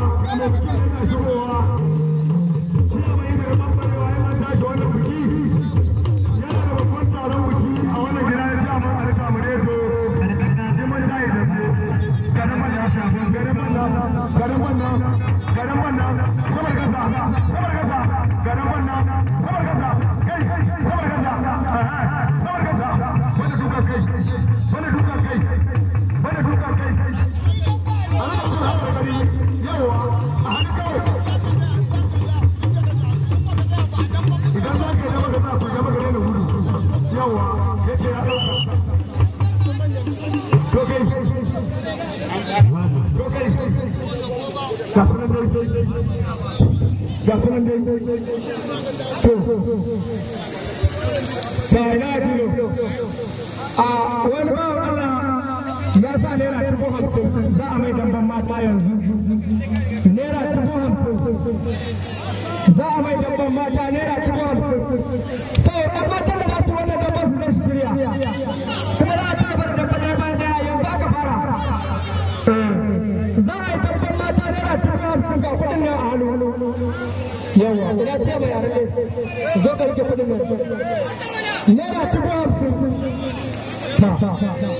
我们真的生活。to ba ya a wani ba Allah ya sa naira dubu hamsin za a mai damban mata yanzu naira dubu hamsin za a mai damban mata naira dubu hamsin sai matan da za wannan damban su zai shirya kuma za a ci da damban bayan da fara za a yi damban mata naira dubu hamsin ga kuɗin nan a yawa ina ce mai yare ne zo ka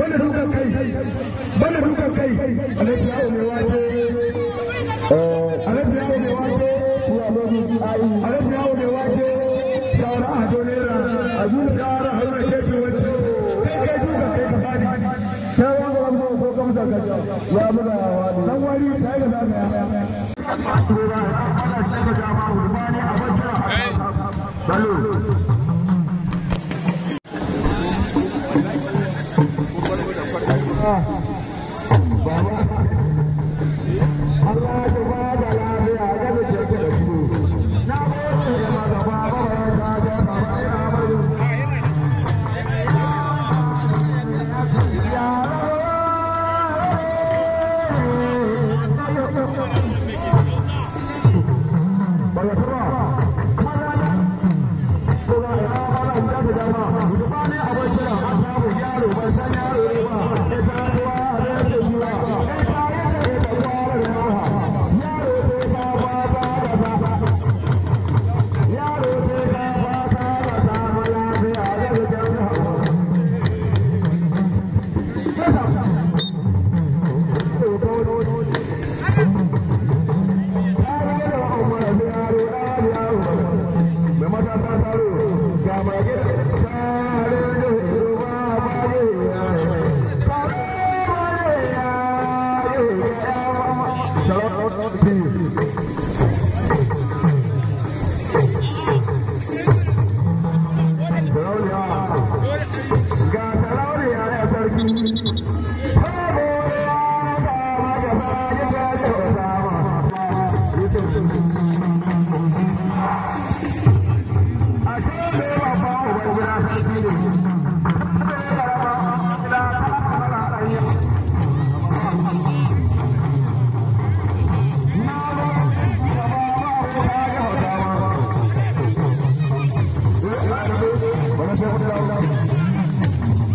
bana duka kai bana duka kai da zaka Vai lá. Thank you.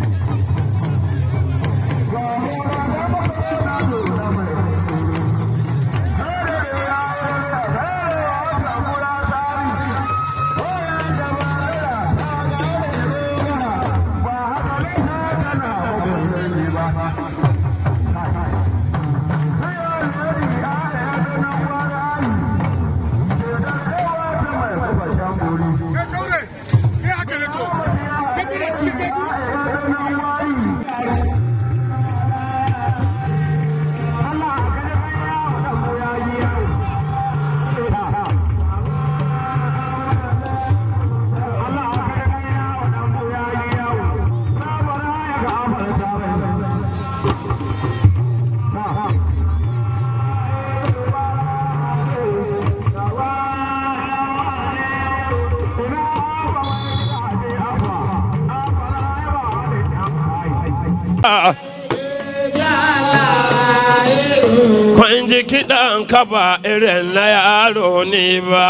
kun ji kiɗan ka ba irin na yaro ne ba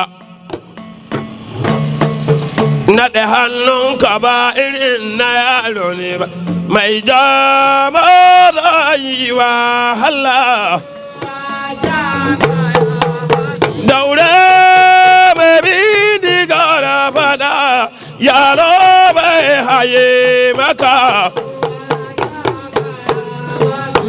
naɗe hannun ka ba irin na yaro ne ba mai jama rayuwa hala daure mai bi diga fada yaro bai haye maka